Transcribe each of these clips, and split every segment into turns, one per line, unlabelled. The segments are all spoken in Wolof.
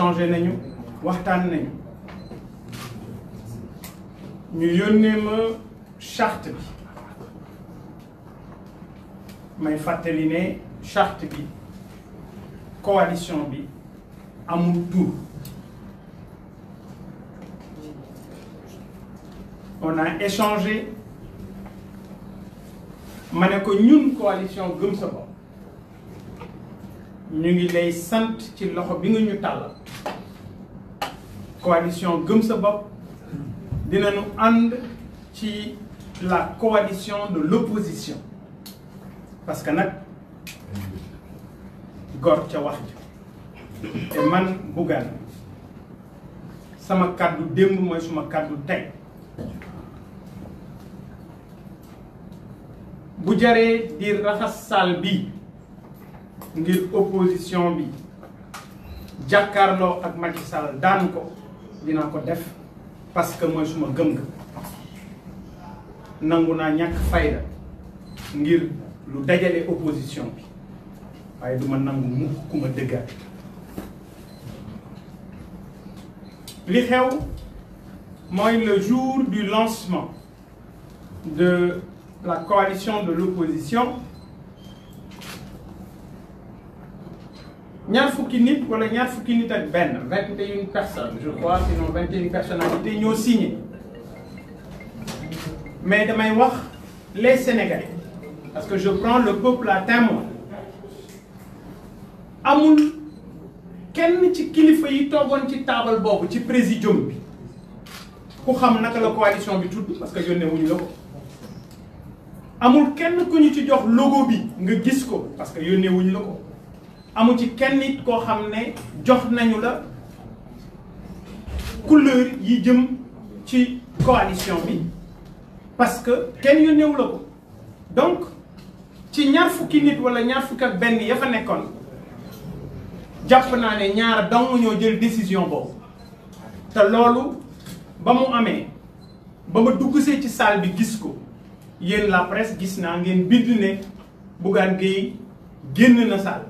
échangé nañu waxtaan nañu ñu yónnee ma charte bi may fàttali charte bi coalition bi amul tour on a échangé mané ko ñun coalition gëm sa bopp ñu ngi lay sante ci loxo bi nga ñu tàllal coalition gëm sa bopp dinañu ànd la coalition de l'opposition parce que nag gor ca wax ji te man Bougane sama kàddu démb mooy suma kàddu tey bu di opposition bi jàkkaarloo ak Macky je ko def parce que moi suma gëm gëm Je suis fayda ngir lu opposition le jour du lancement de la coalition de l'opposition ñaar fukki nit personnes je crois sinon 21 personnalités, nous personnalités signé mais demain wax les Sénégalais parce que je prends le peuple à témoin amul kenn ci kilifa yi toogoon ci table, bobu ci président. bi ku xam naka la coalition bi parce que yónnee ne la ko amul kenn ku ñu ci jox logo bi nga gis parce que yónnee ne la ko amu ci kenn nit koo xam ne jox nañu la couleur yi jëm ci coalition bi parce que kenn yu néew la ko donc ci ñaar fukki nit wala ñaar fukk ak benn ya fa nekkoon jàpp naa ne ñaar dong ñoo jël décision boobu te loolu ba mu amee ba ma duggsee ci salle bi gis ko yéen la presse gis naa ngeen bind ne Bougane Gueye génn na salle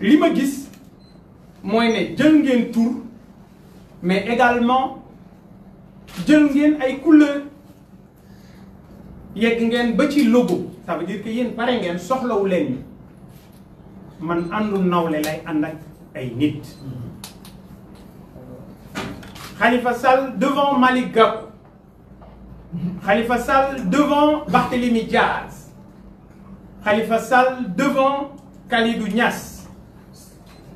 li ma gis mooy ne jël ngeen tour, mais également jël ngeen ay Il y a un petit logo ça veut dire que yéen a ngeen soxlawu leen je man suis pas lay ànd ak ay nit Khalifa Sall devant Malik Gap Khalifa Sall devant Barthélémy Diaz Khalifa Sall devant Kalidou Niass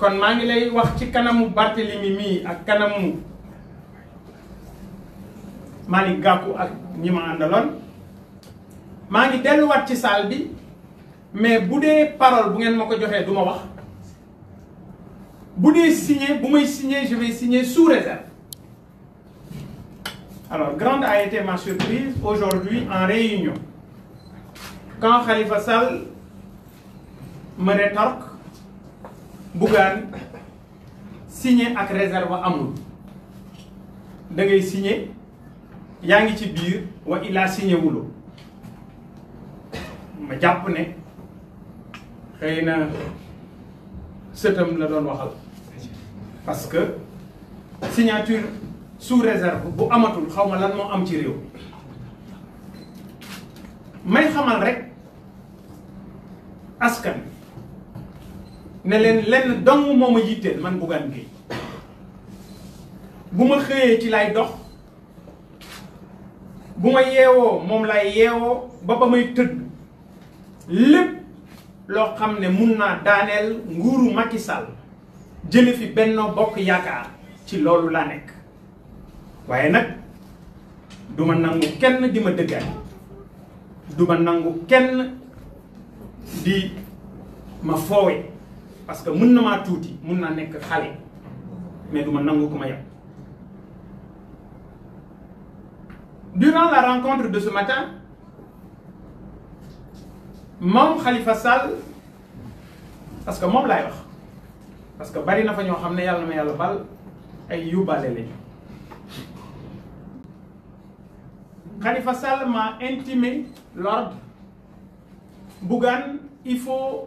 kon maa ngi lay wax ci kanamu Barthélemy mi ak kanamu Malick Gakou ak ñi ma andalon. maa ngi delluwaat ci salle bi mais boudé parole bu ngeen mako joxé duma wax boudé signé bu may signé je vais signer sous réserve alors grande a été ma surprise aujourd'hui en réunion quand Khalifa Sall me rétorque Bougane signé ak réserve amul da ngay yaa ngi ci biir wa illaa signé ma jàpp ne xëy na sëtam la doon waxal parce que signature su réserve bu amatul xaw ma lan moo am ci réew may xamal rek askan ne leen lenn dong moo ma yitteel man Bougane Gueye bu ma xëyee ci lay dox bu ma yeewoo moom lay yeewoo ba ba may tëdd lépp loo xam ne mun naa daaneel nguuru Macky Sall jële fi benn Bokk Yaakaar ci loolu laa nekk waaye nag du ma nangu kenn di ma dëggaat du ma nangu kenn di ma foowe parce que mën na ma tuuti mën na nek xalé mais je ne nangu pas ma durant la rencontre de ce matin mom Khalifa Sall parce que mom suis wax parce que bari na fa ñoo xam ne yàlla ma yalla bal ay yóbbaale lañu Khalifa Sall m'a intimé l'ordre Bougan, il faut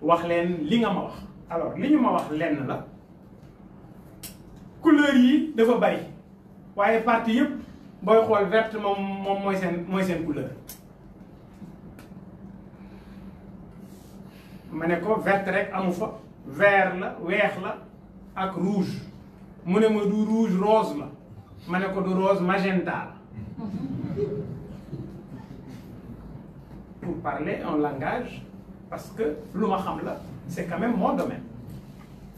wax leen li nga ma wax alors li ñu ma wax lenn la couleur yi dafa bari waaye parti yëpp booy xool verte moom moom mooy seen mooy seen couleur ma ne ko verte rek amu fa vert la weex la ak rouge mu ne ma du rouge rose la ma ne ko du rose magenta la mhm. pour parler en langage parce que lu c'est quand même mon domaine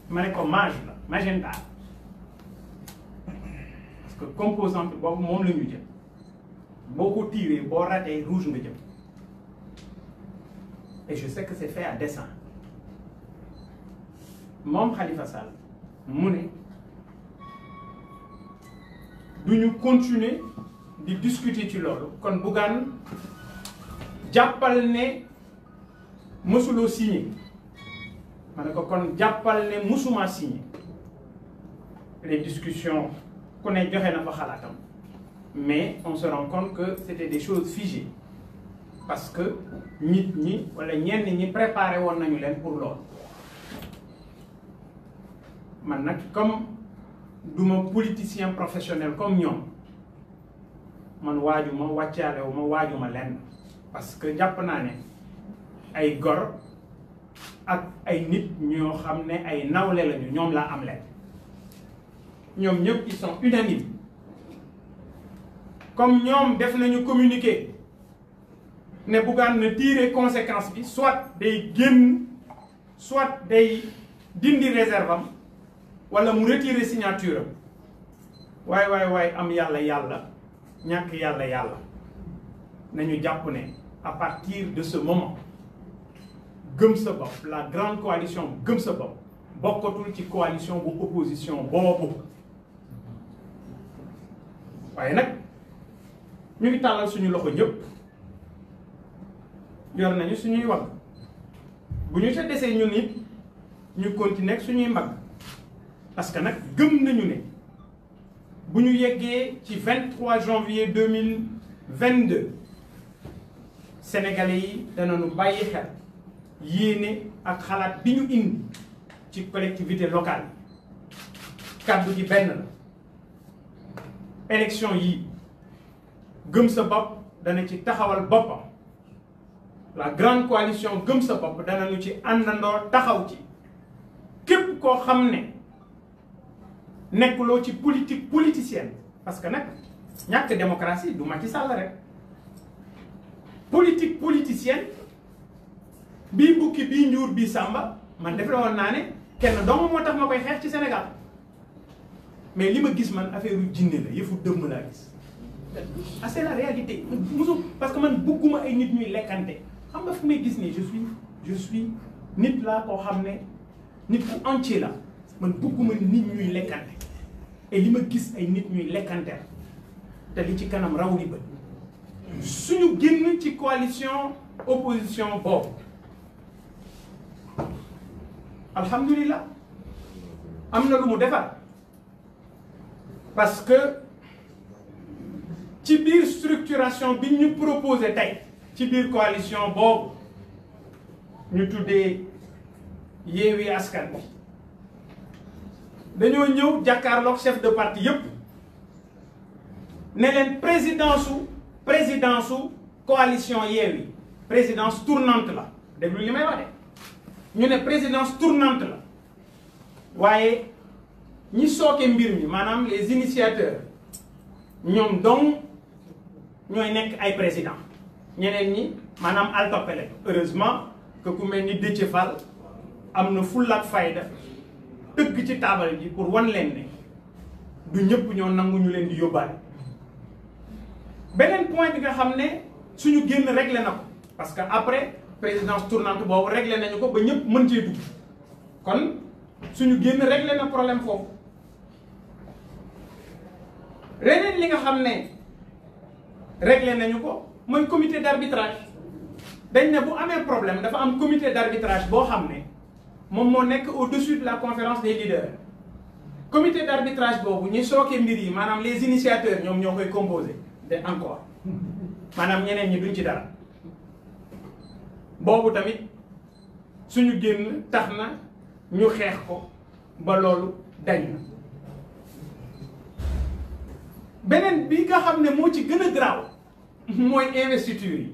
Mais comme un mage magenta parce que composante boobu moom la ñu jël beaucoup beaucoup tiiree et rouge nga et je sais que c'est fait à dessein Mon Khalifa Sall mu ne continuer de discuter ci l'eau. Quand Bougan, jàppal mësuloo signe, ma les discussions qu'on a na mais on se rend compte que c'était des choses figées parce que nit ñi wala préparé nañu pour lool man comme duma politicien professionnel comme ñom man wajuma parce que japp ay gor ak ay nit ñoo ay lañu ils sont unanimes comme nous def nañu communiqué ne bugaan na tirer conséquence bi soit des génn soit des dindi wala mu retirer signature am waay waay oui, am yàlla yàlla ñàkk à partir de ce moment gëm la grande coalition gëm sa bopp bokkatul ci coalition bu opposition boobu nous nag ñu ngi tàllal suñu loxo ñëpp yor nañu suñuy wax bu ñu ca desee ñun it ñu continuons ak suñuy mbagg parce que nous gëm nañu ne bu ñu yeggee ci 23 janvier 2022 sénégalais yi dana nu yéene ak xalaat bi indi collectivité locale la élection yi gëm sa dana ci taxawal la grande coalition gëm sa bopp dana ci taxaw ci ne ci politique politicienne parce que nag démocratie du politique politicienne bi bukki bi ñuur bi samba man defe woon naa kenn dong moo tax ma koy ci Sénégal mais lima gis man affaire yu jinne la yefu dëmm la gis ah, c'est la réalité musu parce que man bëgguma ay nit ñuy lekkante xam nga fu may gis ni je suis je suis nit la ko xamné nit ku entier la man bëgguma nit ñuy lekkante et lima gis ay nit ñuy lekkante la te li ci kanam raw ni ba suñu génn ci coalition opposition boobu alhamdulilah Amna lu parce que ci structuration bi ñu coalition bob, ñu tuddee yewi Askan chef de parti yépp présidence présidence coalition Yewi, présidence tournante là, déglu ñu ne présidence tournante la waaye ñi sooke mbir mi maanaam les initiateurs ñoom donc ñooy nekk ay président ñeneen ñi maanaam altopele heureusement que ku mel ni Déthié Fall am na fulla ak fayda tëgg ci taabal ji pour wan leen ne du ñëpp ñoo nangu ñu leen di yóbbaale beneen point bi nga xam ne suñu génn réglé na ko parce que après présidence tournante boobu réglé nañu ko ba ñëpp mën cee dugg kon suñu génn réglé na problème foofu leneen li nga xam ne réglé nañu ko mooy comité d'arbitrage dañ ne bu amee problème dafa am comité d'arbitrage boo xam ne moom moo nekk au-dessus de la conférence des leaders comité d'arbitrage boobu ñuy sookee mbir yi maanaam les initiateurs ñoom ñoo koy composé de encore maanaam ñeneen ñi duñ ci dara boobu tamit suñu génn tax na ñu xeex ko ba loolu dañ beneen bi nga xam ne moo ci gën a garaaw mooy investiture yi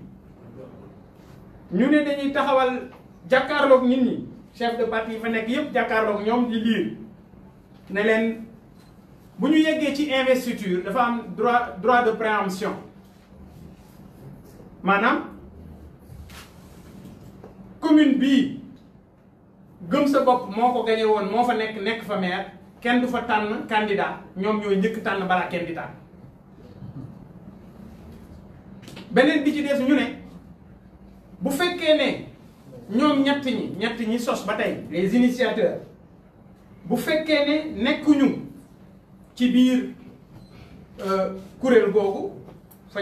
ñu ne dañuy taxawal jàkkaarlook nit ñi chef de parti fa nekk yépp jàkkaarlook ñoom di liir ne leen bu ñu yeggee ci investiture dafa am droit droit de préemption maanaam commune bi gëm sa bop qui fa nek nek du fa candidat ñom ñoy tan di bi ci des bu ne ñi ñi sos les initiateurs bu fekkee ne ñu ci biir euh, kurel gogou fa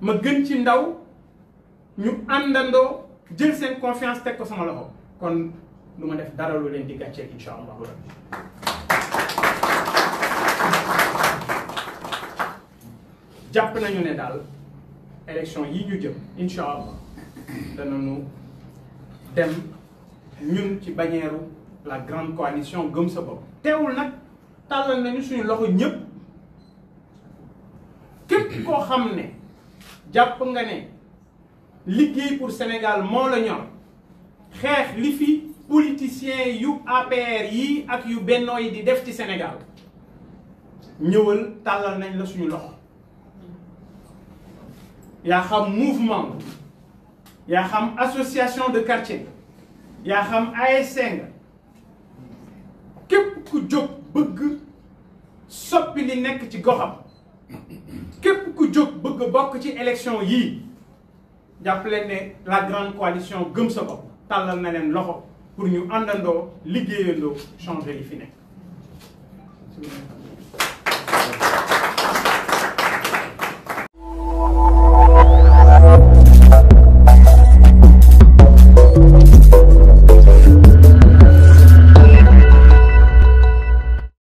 ma gën ci ndaw ñu àndandoo jël seen confiance teg ko sama loxo kon lu ma def dara lu leen di gàcceel incha allahu rabbi jàpp nañu ne daal élection yi ñu jëm incha allah danañu dem ñun ci bañeeru la grande coalition gëm sa bopp teewul nag tàllal nañu suñu loxo ñëpp képp koo xam ne japp nga ne liggéey pour Sénégal mo la ñor xex li fi politiciens yu APR yi ak yu benno yi di def ci Sénégal ñëwal talal nañ la suñu loxo ya xam mouvement ya xam association de quartier ya xam ASC nga képp ku jóg bëgg soppi li nekk ci goxam ku jóg bëgg bokk ci élection yi jàpp leen la grande coalition gëm sa bopp talal na leen loxo pour ñu andando liggéeyandoo changer yi fi nek